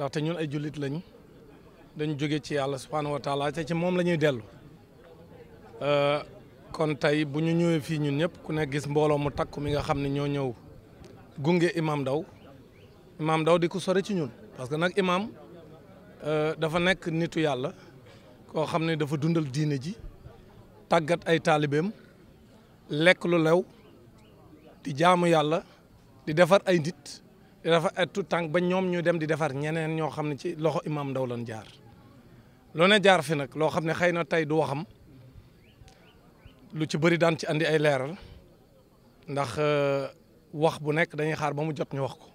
ndaxte ñun ay jullit lañ dañ jóge ci yàlla subhaanahu wa taala ci moom lañuy ñuy dellu euh, kon tey bu ñu ñëwee fii ñun ñëpp ku ne gis mbooloo mu takk mi nga xam ne ñoo ñëw gunge imam daw imam ndaw di ko sore ci ñun parce que nag imam euh, dafa nekk nitu yàlla koo xam ne dafa dundal diine ji tàggat ay taalibeem lekk lu lew di jaamu yàlla di defar ay nit rafetu tànk ba ñoom ñu dem di defar ñeneen ñoo xam ne ci loxo imam Ndao lan jaar loo ne jaar fi nag loo xam ne xëy na tey du waxam lu ci bari daan ci indi ay leeral ndax euh, wax bu nekk dañuy xaar ba mu jot ñu wax ko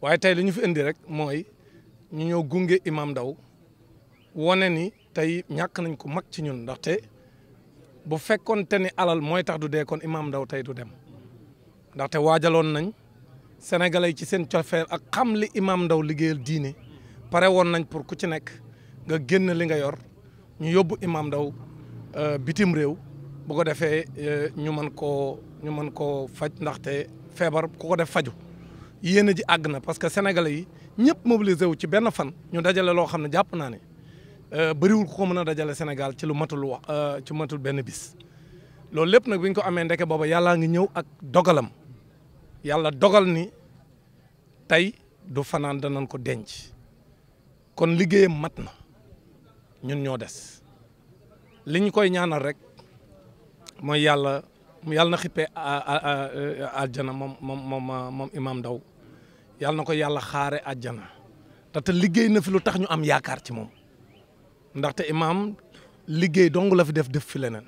waaye tey li ñu fi indi rek mooy ñu ñëw gunge imam Ndao wane ni tey ñàkk nañ ko mag ci ñun ndaxte bu fekkoon te ni alal mooy tax du dee kon imam ndaw tey du dem ndaxte waajaloon nañ sénégalais yi ci seen cofeel ak xam li imam Ndaw liggéeyal diine pare woon nañ pour ku ci nekk nga génn li nga yor ñu yóbbu imaam Ndaw euh, bitim réew bu ko defee euh, ñu mën koo ñu mën koo faj ndaxte feebar ku ko def faju yéen ji àgg na parce que sénégalais yi ñëpp mobilisé wu ci benn fan ñu dajale loo xam ne jàpp naa ne euh, bariwul ko mën a dajale Sénégal ci lu matul wax ci matul benn bis loolu lépp nag bi ñu ko amee ndeke booba yàllaa ngi ñëw ak dogalam yàlla dogal ni tey du fanaan danañ ko denc kon liggéeyam mat na ñun ñoo des li ñu koy ñaanal rek mooy yàlla yàlla na xippee àjjana moom moom moom yàlla na ko yàlla xaare àjjana te liggéey na fi lu tax ñu am yaakaar ci moom ndaxte Imam liggéey dong la fi def def fi leneen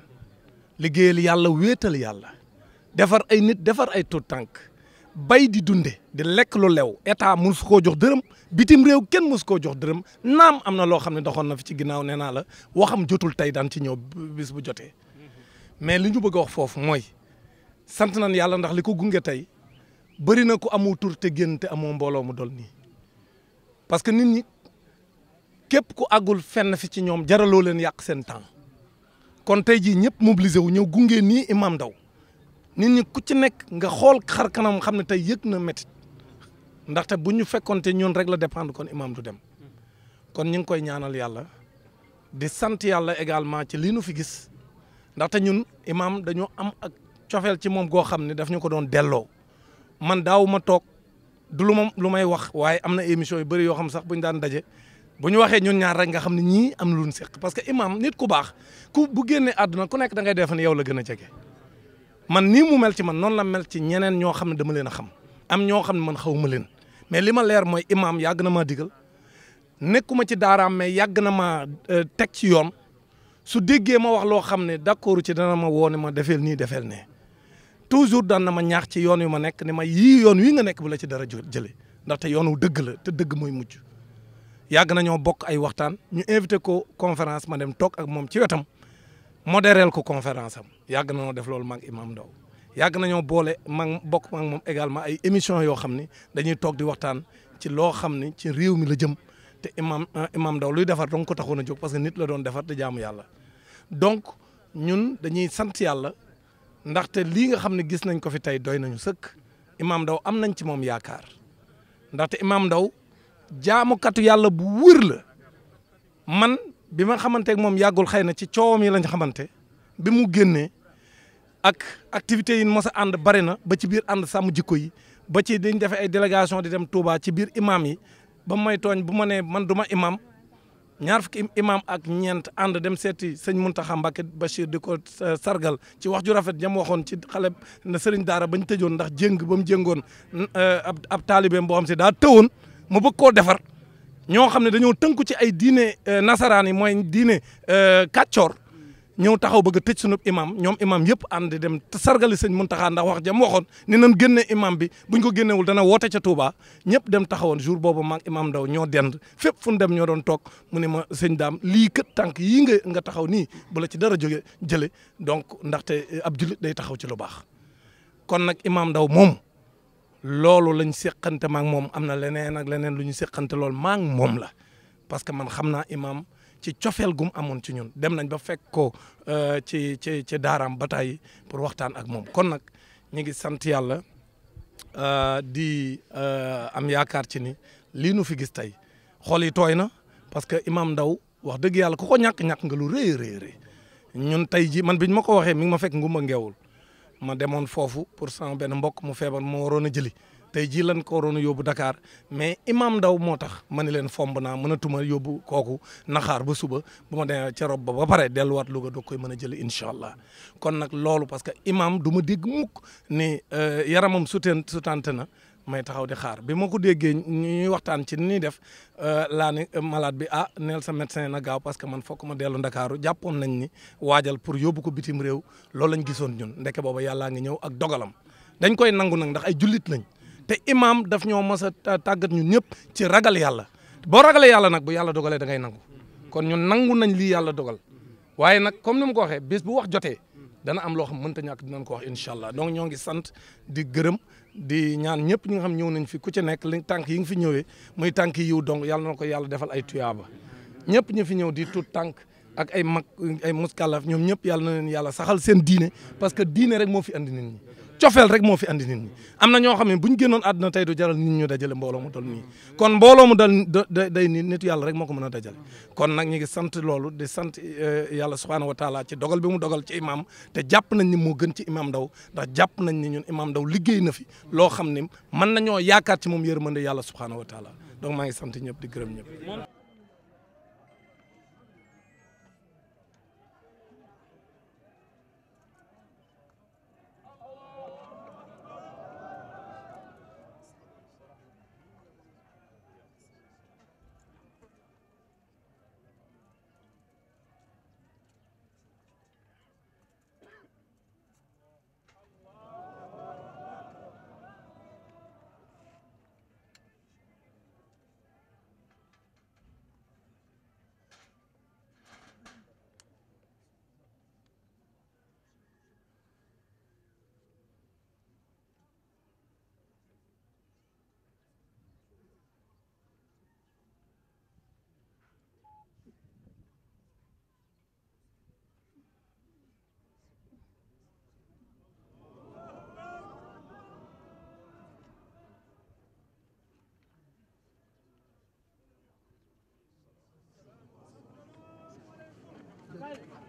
liggéeyal yàlla wéetal yàlla defar ay nit defar ay tuut tànk bay di dunde di lekk lu lew état mun su koo jox dërëm bitim réew kenn mus koo jox dërëm naam am na loo xam ne doxoon na fi ci ginnaaw nee naa la waxam jotul tey daan ci ñëw bis bu jotee mais li ñu bëgg a wax foofu mooy sant nañ yàlla ndax li ko gunge tey bëri na ko amul tur te génn te amoo mbooloo mu dol nii parce que nit ñi képp ku àggul fenn fi ci ñoom jaraloo leen yàq seen temps kon tey jii ñëpp mobilisé wu ñëw gunge nii Imam Ndao nit ñi ku ci nekk nga xool xar kanam xam ne tey yëg na métti ndaxte bu ñu fekkoonte ñun rek la dépendre kon imaam du dem kon ñu ngi koy ñaanal yàlla di sant yàlla également ci lii nu fi gis ndaxte ñun imaam dañoo am ak cofeel ci moom goo xam ne daf ñu ko doon delloo man daaw ma toog du lu ma lu may wax waaye am na émission yu bëri yoo xam sax bu ñu daan daje bu ñu waxee ñun ñaar rek nga xam ne ñii am lu ñu seq parce que imaam nit ku baax ku bu génnee àdduna ku nekk da ngay defe yow la gën a jege. man nii mu mel ci man noonu la mel ci ñeneen ñoo xam ne dama leen a xam am ñoo xam ne man xaw ma leen mais li ma leer mooy imaam yàgg na maa digal nekkuma ci daaraam mais yàgg na ma euh, teg ci yoon su déggee ma wax loo xam ne d'accord ci dana ma woo ne ma defeel nii defeel ne toujours daan na ma ñaax ci yoon wi ma nekk ne ma yii yoon wi nga nekk bu la ci dara jëlee ndaxte yoon wu dëgg la te dëgg mooy mujj yàgg nañoo bokk ay waxtaan ñu invité ko conférence ma dem toog ak moom ci wetam modéreel ko conférence am yàgg nañoo def loolu mag imam Ndao yàgg nañoo boole mag bokk mag moom également ay émission yoo xam ni dañuy toog di waxtaan ci loo xam ni ci réew mi la jëm te imam euh, imam Ndao luy defar dong ko taxoon jóg parce que nit la doon defar te jaamu yàlla donc ñun dañuy sant yàlla ndaxte lii nga xam ne gis nañ ko fi tey doy nañu sëkk imam ndaw am nañ ci moom yaakaar ndaxte imam Ndao jaamukatu yàlla bu wër la man bi ma xamante moom yàggul xëy na ci coowam yi lañ xamante bi mu génnee ak activités yi mos a ànd bari na ba ci biir ànd sàmm jikko yi ba ci dañ defee ay délégation di dem Touba ci biir imam yi ba may tooñ bu manee man du ma imam ñaar fukki imam ak ñeent ànd dem seeti sëñ Mountakha ba Bachir di ko euh, sargal ci wax ju rafet jam waxoon ci xale na sëriñ daara bañ tëjoon ndax jéng ba mu jéngoon euh, ab ab taalibeem boo xam si daa tëwoon mu bëgg koo defar ñoo xam ne dañoo tënku ci ay diine euh, nasaraan yi mooy diine euh, kàccoor ñëw taxaw bëgg a tëj sunub imam ñoom imam yëpp ànd di dem sargali sëñ Muntaxa ndax wax jam waxoon ni nan génne imam bi buñ ko génnewul dana woote ca Touba ñëpp dem taxawoon jour boobu mag imam Ndaw ñoo dend fépp fu ñu dem ñoo doon toog mu ne ma sëñ daam lii kët tànk yii nga nga taxaw nii bu la ci dara jóge jële donc ndaxte euh, ab jullit day taxaw ci lu baax kon nag imam Ndaw moom loolu lañ séqante maak moom am na leneen ak leneen lu ñu séqante loolu maak moom la parce que man xam naa imam ci cofeel gum amoon ci ñun dem nañ ba fekk ko euh, ci ci ci daaraam bataay pour waxtaan ak moom kon nag ñu ngi sant yàlla euh, di euh, am yaakaar ci ni lii nu fi gis tey xool yi tooy na parce que imam ndaw wax dëgg yàlla ku ko ñàkk ñàkk nga lu rëy rëy ñun tey ji man biñ ma ko waxee mi ngi ma fekk ngumba ngeewul ma demoon foofu pour sama benn mbokk mu feebar moo waroon a jëli tey jii lan ko waroon a yóbbu Dakar mais imam ndaw moo tax ma ne leen fomb naa mënatuma yóbbu kooku naxaar ba suba bu ma demee cero rob ba ba pare delluwaat Louga doog koy mën a jëli incha allah kon nag loolu parce que imam du ma dégg mukk ni euh, yaramam suteen sutante na may taxaw di xaar bi ma ko déggee ñuy waxtaan ci ni ñuy def euh, laa ne euh, malade bi ah neel sa médecin na gaaw parce que man fokk ma dellu ndakaaru jàppoon nañ ni waajal pour yóbbu ko bitim réew loolu lañ gisoon ñun ndeke booba yàllaa ngi ñëw ak dogalam dañ koy nangu nag ndax ay jullit nañ te imaam daf ñoo mës a tàggat ñun ñëpp ci ragal yàlla boo ragalee yàlla nag bu yàlla dogalee da nangu kon ñun nangu nañ lii yàlla dogal waaye nag comme ni mu ko waxee bés bu wax jotee dana am loo xam ta ñàkk dinañ ko wax incha allah donc ñoo ngi sant di gërëm di ñaan ñëpp ñi nga xam ñëw nañ fi ku ci nekk li tànk yi nga fi ñëwee muy tànk yiw donc yàlla na ko yàlla defal ay tuyaaba ñëpp ñu fi ñëw di tuut tànk ak ay mag ay muskalaf ñoom ñëpp yàlla na leen yàlla saxal seen diine parce que diine rek moo fi andi nit ñi cofeel rek moo fi andi nit ñi am na ñoo xam ne bu ñu génnoon àdduna tey du jaral nit ñu dajale mbooloo mu dal kon mbooloo mu dal day nii nit yàlla rek moo ko mën a dajale kon nag ñu ngi sant loolu di sant eh, yàlla subhaanahu wa taala ci dogal bi mu dogal ci imam te jàpp nañ ni moo gën ci imam Ndaw ndax jàpp nañ ni ñun imam daw liggéey na fi loo xam ne mën nañoo yaakaar ci moom yërmande yàlla subhaanahu wa taala donc maa ngi sant ñëpp di gërëm ñëpp